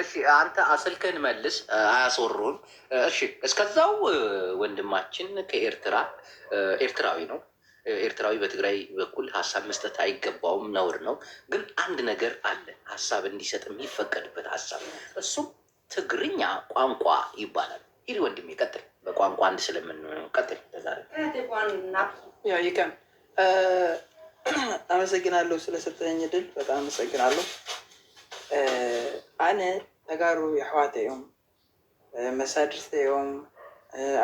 እሺ አንተ ስልክህን መልስ፣ አያስወሩን። እሺ እስከዛው ወንድማችን ከኤርትራ ኤርትራዊ ነው። ኤርትራዊ በትግራይ በኩል ሀሳብ መስጠት አይገባውም፣ ነውር ነው። ግን አንድ ነገር አለ፣ ሀሳብ እንዲሰጥ የሚፈቀድበት ሀሳብ፣ እሱም ትግርኛ ቋንቋ ይባላል። ይህ ወንድሜ ይቀጥል፣ በቋንቋ አንድ ስለምንሆነው ቀጥል። ይከም አመሰግናለሁ ስለሰጠኝ ድል፣ በጣም አመሰግናለሁ። ኣነ ተጋሩ እዮም ኣሕዋተዮም እዮም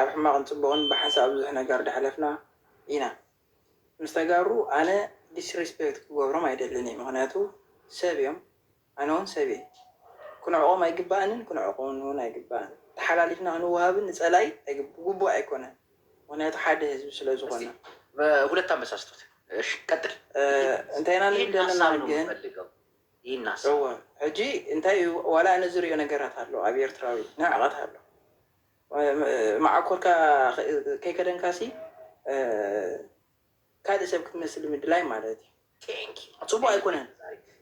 ኣብ ሕማቅን ፅቡቅን ብሓንሳብ ብዙሕ ነገር ዳሕለፍና ኢና ምስ ተጋሩ ኣነ ዲስሪስፔክት ክገብሮም ኣይደልን እዩ ምክንያቱ ሰብ እዮም ኣነ እውን ሰብ እየ ክንዕቆም ኣይግባእንን ክንዕቆም እውን ኣይግባእን ተሓላሊፍና ክንዋሃብን ንፀላይ ጉቡእ ኣይኮነን ምክንያቱ ሓደ ህዝቢ ስለዝኮነ ሁለት ኣመሳስቶት ቀጥል እንታይና ንብል ዘለና ግን ይናስ እጂ እንታይ ዋላ ኣነ ዝሪኦ ነገራት ኣሎ ኣብ ኤርትራዊ ንዓላት ኣሎ ማዓኮርካ ከይከደንካሲ ካልእ ሰብ ክትመስል ምድላይ ማለት እዩ ፅቡቅ ኣይኮነን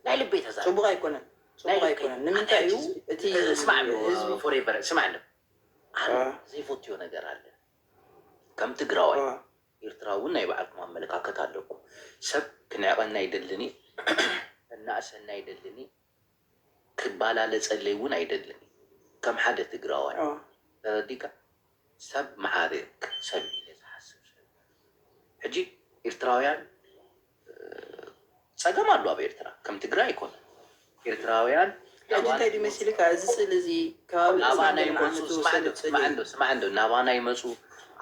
ናይ ልበይ ተዛ ፅቡቅ ኣይኮነን ፅቡቅ ኣይኮነን ንምንታይ እዩ እቲ ስማዕ ዘይፈትዮ ነገር ኣለ ከም ትግራዋይ ኤርትራ እውን ናይ በዓልኩም ኣመለካከት ኣለኩም ሰብ ክነዕቀና ይደልን እዩ ዝኣሰና ኣይደልን ክባላለፀለይ እውን ኣይደልን ከም ሓደ ትግራዋይ ተረዲካ ሰብ መሓርቅ ሰብ ኢለ ዝሓስብ ሰብ ሕጂ ኤርትራውያን ፀገም ኣሎ ኣብ ኤርትራ ከም ትግራይ ኣይኮነ ኤርትራውያን እንታይ ድመስልካ እዚ ስእሊ እዚ ከባቢ ስማዕ እንዶ ናባና ይመፁ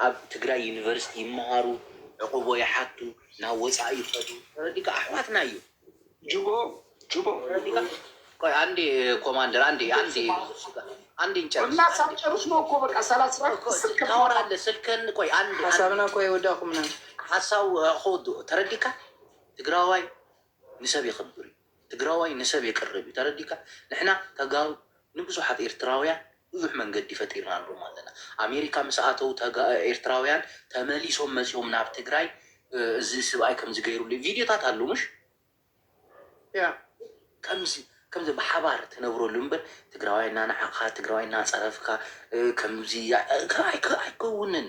ኣብ ትግራይ ዩኒቨርሲቲ ይመሃሩ ዕቁቦ ይሓቱ ናብ ወፃኢ ይፈዱ ረዲካ ኣሕዋትና እዩ ጅቦ አንዴ ኮማንደር አንዴ አንዴ አንዴ እንጨርስ እና ሳጨርስ ነው እኮ በቃ ሰላሳ ታወራለህ። ስልክህን ቆይ አንድ ሀሳብና ቆይ ወዳኩ ምናምን ሀሳብ ሆዶ ተረዲካ ትግራዋይ ንሰብ የኽብር ትግራዋይ ንሰብ የቀርብ ተረዲካ ንሕና ተጋሩ ንብዙሓት ኤርትራውያን ብዙሕ መንገዲ ፈጢርና ንሮም ኣለና ኣሜሪካ ምስኣተው ኤርትራውያን ተመሊሶም መፂኦም ናብ ትግራይ እዚ ስብኣይ ከምዚ ገይሩሉ ቪድዮታት ኣሉ ሙሽ ከምዚ ከምዚ ብሓባር ትነብረሉ እምበር ትግራዋይና ንዓኻ ትግራዋይና ፀረፍካ ከምዚ ኣይከውንን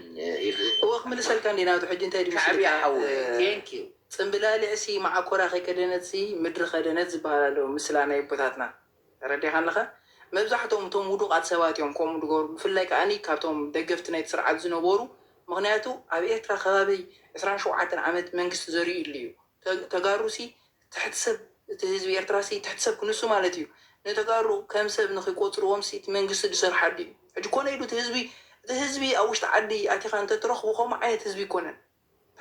እወ ክምልሰልካ እንዲ ናብቲ ሕጂ እንታይ ድሽዓብያ ሓው ንዩ ፅምብላልዕሲ ማዓኮራ ከይከደነትሲ ምድሪ ከደነት ዝበሃላለ ምስላ ናይ ቦታትና ረዲኻ ኣለኸ መብዛሕትኦም እቶም ውዱቃት ሰባት እዮም ከምኡ ድገብሩ ብፍላይ ከዓኒ ካብቶም ደገፍቲ ናይቲ ስርዓት ዝነበሩ ምክንያቱ ኣብ ኤርትራ ከባቢ 2ራሸውዓተ ዓመት መንግስቲ ዘርእዩ ኢሉ እዩ ተጋሩሲ ትሕቲ ሰብ እቲ ህዝቢ ኤርትራ ሲ ትሕቲ ሰብ ክንሱ ማለት እዩ ንተጋሩ ከም ሰብ ንክቆፅርዎም ሲቲ መንግስቲ ድሰርሓሉ እዩ ሕጂ ኮነ ኢሉ እቲ ህዝቢ እቲ ህዝቢ ኣብ ውሽጢ ዓዲ ኣቲኻ እንተትረኽቦ ከምኡ ዓይነት ህዝቢ ይኮነን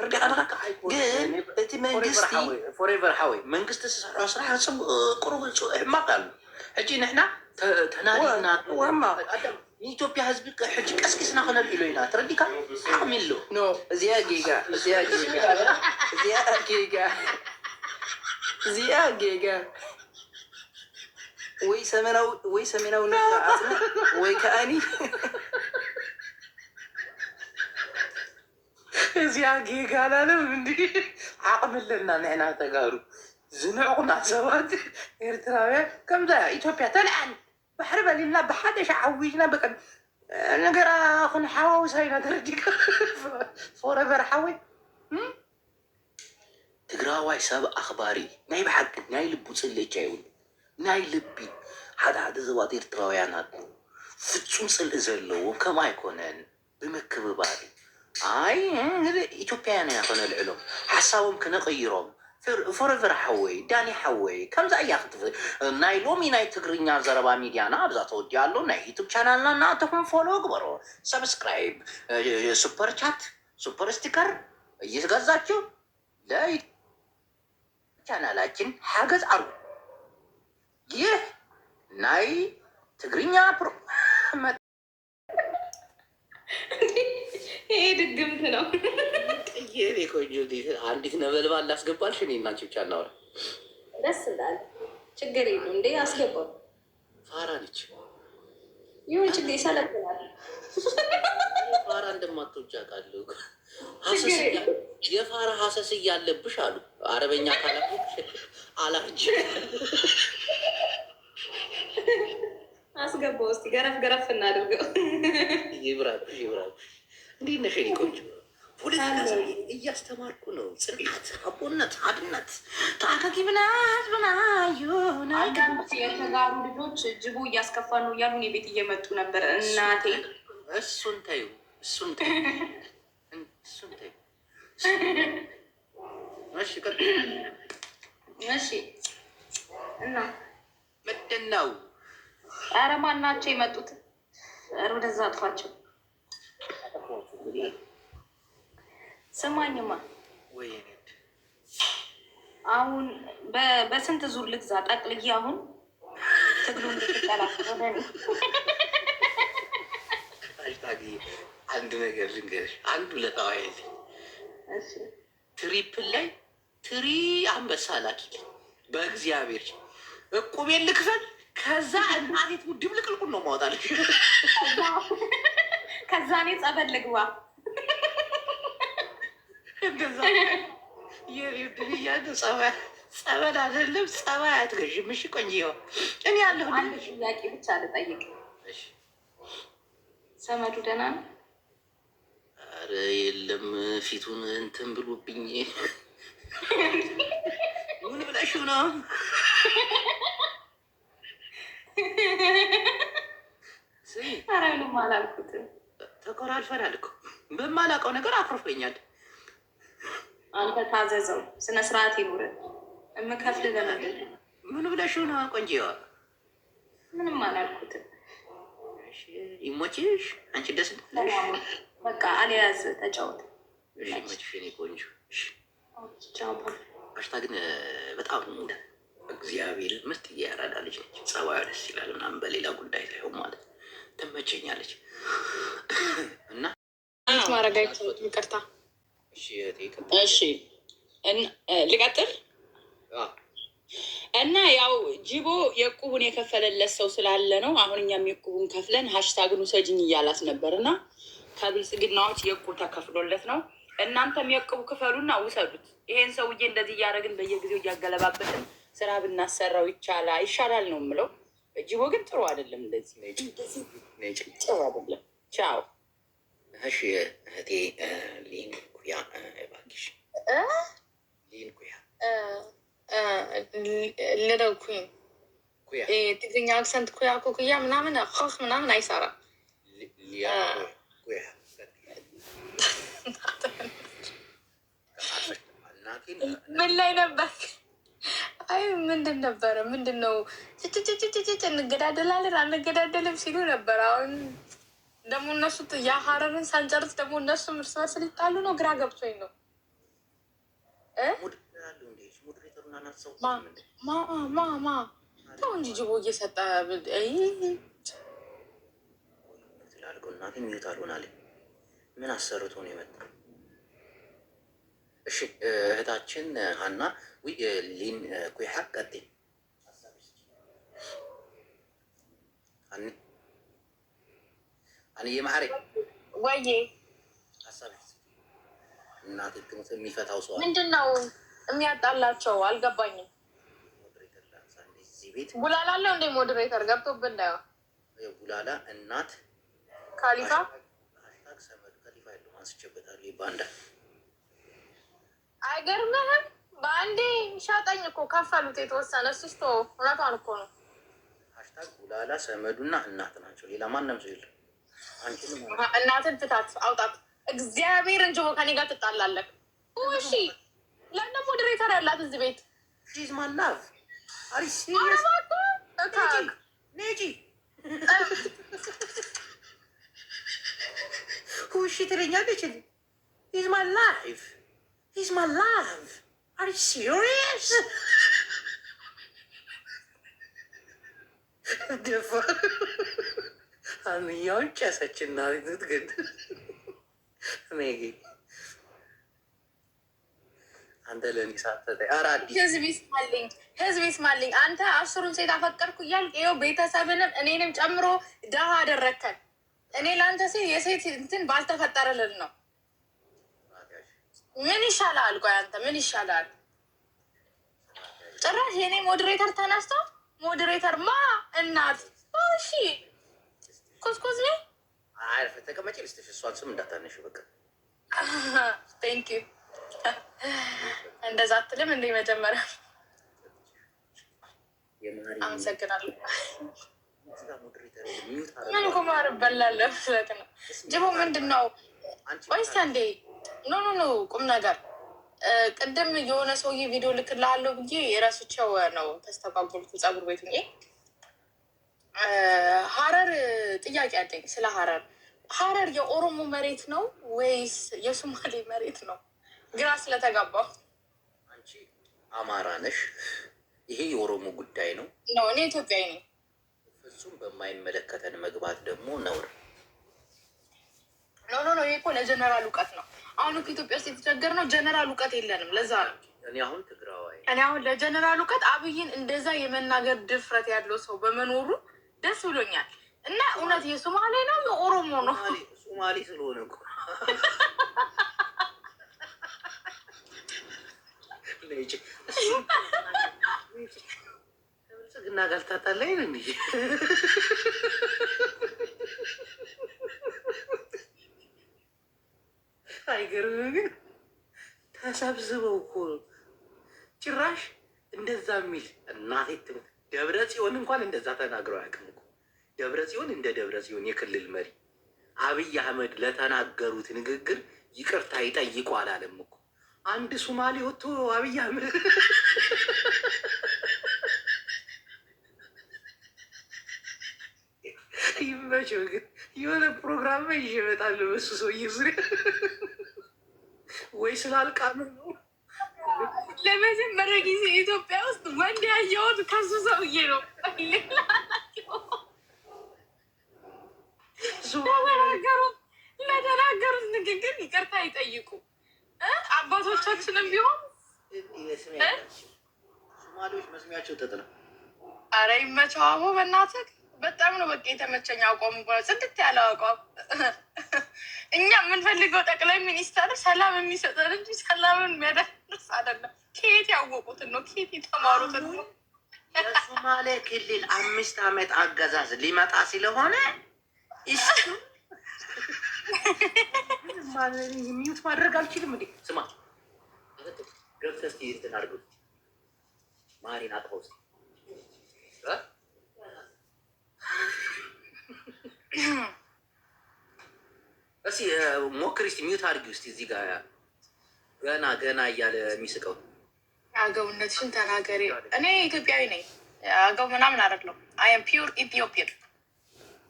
ሕርዲኻ ድካ ግን እቲ መንግስቲ ፎሬቨር ሓወይ መንግስቲ ዝሰርሖ ስራሕ ፅቡቅ ቅሩብ ሕማቅ ኣሎ ሕጂ ንሕና ተናዲና ንኢትዮጵያ ህዝቢ ሕጂ ቀስቂስና ክነልኢሎ ኢና ትረዲካ ሓቅሚ ኣሎ እዚኣ ጌጋ እዚኣ ጌጋ እዚኣ ጌጋ እዚያ ጌጋ ወይ ሰሜናዊ ወይ ሰሜናዊ ወይ ከአኒ እዚያ ጌጋ አላለም። እንዲህ ዓቕምለና ንዕና ተጋሩ ዝንዕቑና ሰባት ኤርትራውያን ከምዛ ኢትዮጵያ ተልዓል ባሕሪ በሊልና ብሓደሽ ዓዊጅና በቀ ነገራ ክንሓዋውሳይና ተረዲጋ ፎረቨር ሓወይ ዳዋይ ሰብ ኣኽባሪ ናይ ብሓቂ ናይ ልቡ ፅልእቻ ይብሉ ናይ ልቢ ሓደ ሓደ ዞባት ኤርትራውያናት ፍፁም ፅልእ ዘለዎ ከም ኣይኮነን ብምክብባር ኣይ ኢትዮጵያውያን ኢና ክነልዕሎም ሓሳቦም ክነቐይሮም ፍርፍር ሓወይ ዳኒ ሓወይ ከምዛ እያ ክትፍ ናይ ሎሚ ናይ ትግርኛ ዘረባ ሚድያና ኣብዛ ተወዲያ ኣሎ ናይ ዩቱብ ቻናልና እናተኹም ፎሎ ግበሮ ሰብስክራይብ ሱፐር ቻት ሱፐር ስቲከር እየገዛችሁ ለይ ቻናላችን ሀገዝ አሉ። ይህ ናይ ትግርኛ ፕሮ ይሄ ድግምት ነው። ይሄ ቆንጆ አንዲት ነበልባል ላስገባልሽ። እኔ እና ችብቻ እናወራ ደስ እንዳለ ችግር የለም እንዴ አስገባው። ፋራ ነች ይሁን ችግር ይሰለብናል። ፋራ እንደማትወጃ ቃሉ የፋራ ሀሰስ እያለብሽ አሉ አረበኛ ካላ አላች አስገባ ውስጥ ገረፍ ገረፍ እናድርገው። ይብራ ይብራ። እንዴት ነሽ የእኔ ቆንጆ? እያስተማርኩ ነው። ጽናት፣ አቦነት፣ አብነት ታካኪ ብናት ብናዩ የተጋሩ ልጆች ጅቡ እያስከፋ ነው እያሉን የቤት እየመጡ ነበር። እናቴ እሱን ተዩ፣ እሱን ተዩ። እሱም እሺ። እና ምንድን ነው? ኧረ ማን ናቸው የመጡት? ኧረ ወደዛ አጥፋቸው። ስማኝማ አሁን በስንት ዙር ልግዛ ጠቅልዬ? አሁን ትግሉ እንድትጠላ ወደ አንድ ነገር ልንገርሽ፣ አንዱ ውለታዋ ያለኝ ትሪፕል ላይ ትሪ አንበሳ ላኪልኝ በእግዚአብሔር እቁቤን ልክፈል። ከዛ እናቴት ውድብ ልቅልቁን ነው ማወጣል። ከዛ እኔ ጸበል ልግባ ጸበል አይደለም ጸባይ አትገዥም። እሺ ቆንጆ ይሆን እኔ ያለሁ ጥያቄ ብቻ ልጠይቅ። ሰመዱ ደህና ነው? የለም ፊቱን እንትን ብሎብኝ ምን ብለሽው ነው? አራይሉም አላልኩትም። ተኮራልፈናል እኮ በማላውቀው ነገር አኩርፈኛል። አንተ ታዘዘው፣ ስነ ስርዓት ይኑር። የምከፍል ለመግል ምን ብለሽው ነው? ቆንጆዋ ምንም አላልኩትም። ይሞችሽ አንቺ ደስ በቃ አልያዝ ተጫወት። እሺ ቆንጆ። አሽታ ግን በጣም እግዚአብሔር ምርጥ እያራዳ ልጅ ነች። ጸባዩ ደስ ይላል ምናምን በሌላ ጉዳይ ሳይሆን ማለት ትመቸኛለች እና ማረጋ ይቅርታ። እሺ ልቀጥል እና ያው ጅቦ የዕቁቡን የከፈለለት ሰው ስላለ ነው። አሁን እኛም የዕቁቡን ከፍለን ሀሽታግን ውሰጅኝ እያላት ነበር እና ከብልጽግናዎች የቁ ተከፍሎለት ነው። እናንተም የቁብ ክፈሉና ውሰዱት። ይሄን ሰውዬ እንደዚህ እያደረግን በየጊዜው እያገለባበትን ስራ ብናሰራው ይቻላ ይሻላል ነው የምለው። እጅቦ ግን ጥሩ አይደለም፣ እንደዚህ ቻው። እሺ እህቴ ሊን ኩያ እባክሽ ሊን ኩያ ልደው ኩኝ ትግርኛ አክሰንት ኩያ ኩኩያ ምናምን ምናምን አይሰራም። ላይ ነበር። አይ ምንድን ነበረ? ምንድን ነው ጭጭጭጭጭጭ እንገዳደላለን አንገዳደልም ሲሉ ነበር። አሁን ደግሞ እነሱ የሀረርን ሳንጨርስ ደግሞ እነሱ እርስ በርስ ሊጣሉ ነው። ግራ ገብቶኝ ነው። ማ ማ ተው እንጂ ጅቦ እየሰጠ ምን አሰርቶ ነው የመጣው? እሺ እህታችን ሀና ዊ ሊን ኩሃ ቀጤ አንዬ ማሪ ወይዬ ሀሳብ እናት ትሙት የሚፈታው ሰው ምንድን ነው የሚያጣላቸው? አልገባኝም። ቡላላ አለው እንዴ ሞዴሬተር ገብቶብን እንዳይሆን ቡላላ እናት ካሊፋ ሰመድ ካሊፋ ያለው አንስቼበታለሁ ይባንዳል አይገርምህም? በአንዴ ሻጠኝ እኮ ከፈሉት የተወሰነ ስስቶ እውነቷን እኮ ነው። ሀሽታግ ውላላ ሰመዱና እናት ናቸው። ሌላ ማንም ሰው የለም። እናትን ትታት አውጣት። እግዚአብሔር እንጂ ከኔ ጋር ትጣላለህ። እሺ ለነ ሞዴሬተር ያላት እዚህ ቤት ማናት አሪፍ He's my love. Are you serious? ደፋ አንኛውን ጨሰችና ትግድ ሜጌ አንተ ለእኔ ሳተተ ህዝብ ይስማልኝ፣ ህዝብ ይስማልኝ። አንተ አስሩን ሴት አፈቀርኩ እያልክ ይኸው ቤተሰብንም እኔንም ጨምሮ ደሃ አደረከን። እኔ ለአንተ ሴት የሴት እንትን ባልተፈጠረልን ነው ምን ይሻላል? ቆይ አንተ ምን ይሻላል? ጭራሽ የኔ ሞዴሬተር ተነስቶ ሞዴሬተር ማ እናት እሺ፣ ኮስኮስ ነ አርፍ ተቀመጪ። ልስጥሽ እሷን ስም እንዳታነሽ በቃ ቴንክ ዩ። እንደዛ አትልም እንደ መጀመሪያ አመሰግናለሁ። ምን ኩማር በላለ ስለት ነው ጅቦ ምንድን ነው? ቆይ እስኪ ኖ ኖ ኖ ቁም ነገር ቅድም የሆነ ሰውዬ ቪዲዮ ልክልሃለሁ ብዬ የራሱቸው ነው ተስተጓጎልኩ። ቤት ቤቱ ሀረር ጥያቄ አለኝ። ስለ ሀረር ሀረር የኦሮሞ መሬት ነው ወይስ የሶማሌ መሬት ነው? ግራ ስለተጋባሁ። አንቺ አማራ ነሽ፣ ይሄ የኦሮሞ ጉዳይ ነው ነው እኔ ኢትዮጵያዊ ነኝ። በማይመለከተን መግባት ደግሞ ነውር ነው ኖ ኖ፣ ይሄ እኮ ለጀነራል እውቀት ነው። አሁን ኢትዮጵያ ውስጥ የተቸገር ነው ጀነራል እውቀት የለንም። ለዛ ነው እኔ አሁን ትግራዋይ እኔ አሁን ለጀነራል እውቀት አብይን እንደዛ የመናገር ድፍረት ያለው ሰው በመኖሩ ደስ ብሎኛል። እና እውነት የሶማሌ ነው የኦሮሞ ነው ሶማሌ ስለሆነ እኮ ብልጽግና ጋር ታጣለህ አይገርምም? ግን ተሰብስበው እኮ ጭራሽ እንደዛ የሚል እናቴ ደብረ ጽዮን እንኳን እንደዛ ተናግረው አያውቅም እኮ ደብረ ጽዮን እንደ ደብረ ጽዮን የክልል መሪ አብይ አህመድ ለተናገሩት ንግግር ይቅርታ ይጠይቁ አላለም እኮ። አንድ ሱማሌ ወጥቶ አብይ አህመድ ይመቸው ግን የሆነ ፕሮግራም ይዤ እመጣለሁ። በሱ ሰውዬ ዙሪያ ወይ ስላልቃም ነው። ለመጀመሪያ ጊዜ ኢትዮጵያ ውስጥ ወንድ ያየሁት ከሱ ሰውዬ ነው። ለተናገሩት ንግግር ይቅርታ ይጠይቁ አባቶቻችንም ቢሆን ሶማሌዎች መስሚያቸው ተጥላ። ኧረ ይመቸው አቦ በእናትህ በጣም ነው በቃ የተመቸኝ አቋሙ፣ ጽድት ያለ አቋም። እኛ የምንፈልገው ጠቅላይ ሚኒስተር ሰላም የሚሰጠን እንጂ ሰላምን የሚያደርስ አይደለም። ከየት ያወቁትን ነው? ከየት የተማሩትን ነው? የሶማሌ ክልል አምስት ዓመት አገዛዝ ሊመጣ ስለሆነ ሚዩት ማድረግ አልችልም እንዴ? ስማ ገብተህ እስኪ አድርገው ማሪን አጥፋው እስኪ ሞክሪ እስኪ ሚዩት አድርጊው እስኪ እዚህ ጋር ገና ገና እያለ የሚስቀው አገውነትሽን ተናገሪ። እኔ ኢትዮጵያዊ ነኝ። አገው ምናምን አደለም። አይ አም ፒውር ኢትዮጵያን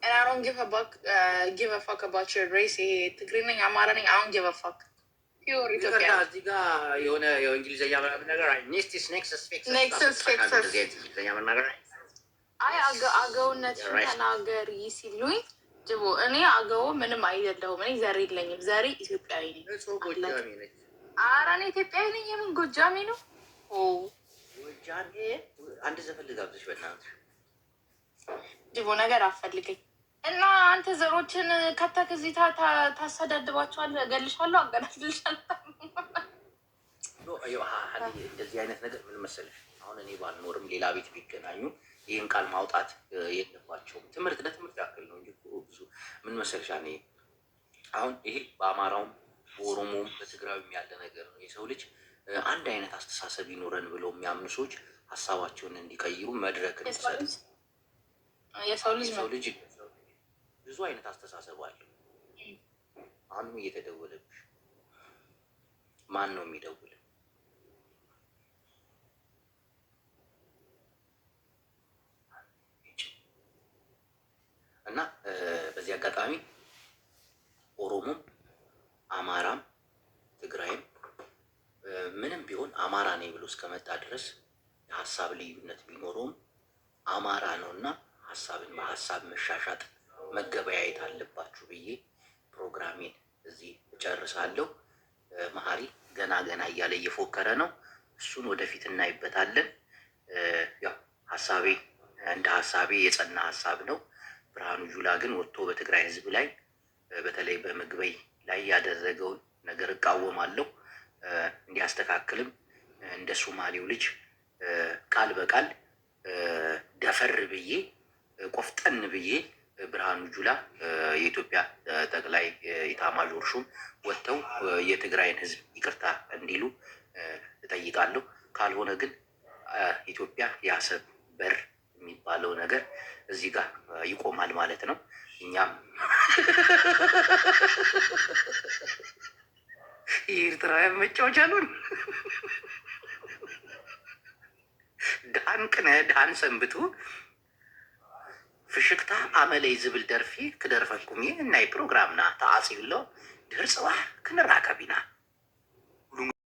እና አሮን ጊቭ ፋክ አባውት ሬስ። ይሄ ትግሪ ነኝ አማራ ነኝ አሁን ጊቭ ፋክ ፒውር ነገር ኔክስስ ኔክስስ ኔክስስ አገውነትሽን ተናገሪ ሲሉኝ ጭቦ እኔ አገቦ ምንም አይደለሁም። እኔ ዘር የለኝም። ዘሬ ኢትዮጵያዊ ነኝ። ኧረ እኔ ኢትዮጵያዊ ነኝ። የምን ጎጃሜ ነው? አንድ ዘፈን ልጋብዝሽ በእናትሽ። ጅቦ ነገር አፈልገኝ እና አንተ ዘሮችን ከታ ከዚህ ታሳዳድባቸዋለህ። እገልሻለሁ፣ አገናድልሻለሁ። እንደዚህ አይነት ነገር ምን መሰለሽ፣ አሁን እኔ ባልኖርም ሌላ ቤት ቢገናኙ ይህን ቃል ማውጣት የለባቸውም። ትምህርት ለትምህርት ያክል ነው እንጂ ብዙ ምን መሰለሻ እኔ አሁን ይሄ በአማራውም በኦሮሞም በትግራዊም ያለ ነገር ነው። የሰው ልጅ አንድ አይነት አስተሳሰብ ይኖረን ብለው የሚያምኑ ሰዎች ሀሳባቸውን እንዲቀይሩ መድረክ እንሰጥ። የሰው ልጅ ብዙ አይነት አስተሳሰብ አለው። አሁንም እየተደወለብሽ ማን ነው የሚደውል? እስከመጣ ድረስ የሀሳብ ልዩነት ቢኖረውም አማራ ነው እና ሀሳብን በሀሳብ መሻሻጥ መገበያየት አለባችሁ ብዬ ፕሮግራሜን እዚህ እጨርሳለሁ። መሀሪ ገና ገና እያለ እየፎከረ ነው። እሱን ወደፊት እናይበታለን። ያው ሀሳቤ እንደ ሀሳቤ የጸና ሀሳብ ነው። ብርሃኑ ጁላ ግን ወጥቶ በትግራይ ህዝብ ላይ በተለይ በምግበይ ላይ ያደረገውን ነገር እቃወማለሁ እንዲያስተካክልም እንደ ሶማሌው ልጅ ቃል በቃል ደፈር ብዬ ቆፍጠን ብዬ ብርሃኑ ጁላ የኢትዮጵያ ጠቅላይ ኢታማዦር ሹም ወጥተው የትግራይን ሕዝብ ይቅርታ እንዲሉ እጠይቃለሁ። ካልሆነ ግን ኢትዮጵያ የአሰብ በር የሚባለው ነገር እዚህ ጋር ይቆማል ማለት ነው። እኛም የኤርትራውያን መጫወቻ አሉን። ድሃን ቅነ ድሃን ሰንብቱ ፍሽክታ አመለይ ዝብል ደርፊ ክደርፈኩም ክደርፈኩምየ ናይ ፕሮግራምና ተዓፅዩሎ ድህር ፅዋሕ ክንራከብ ኢና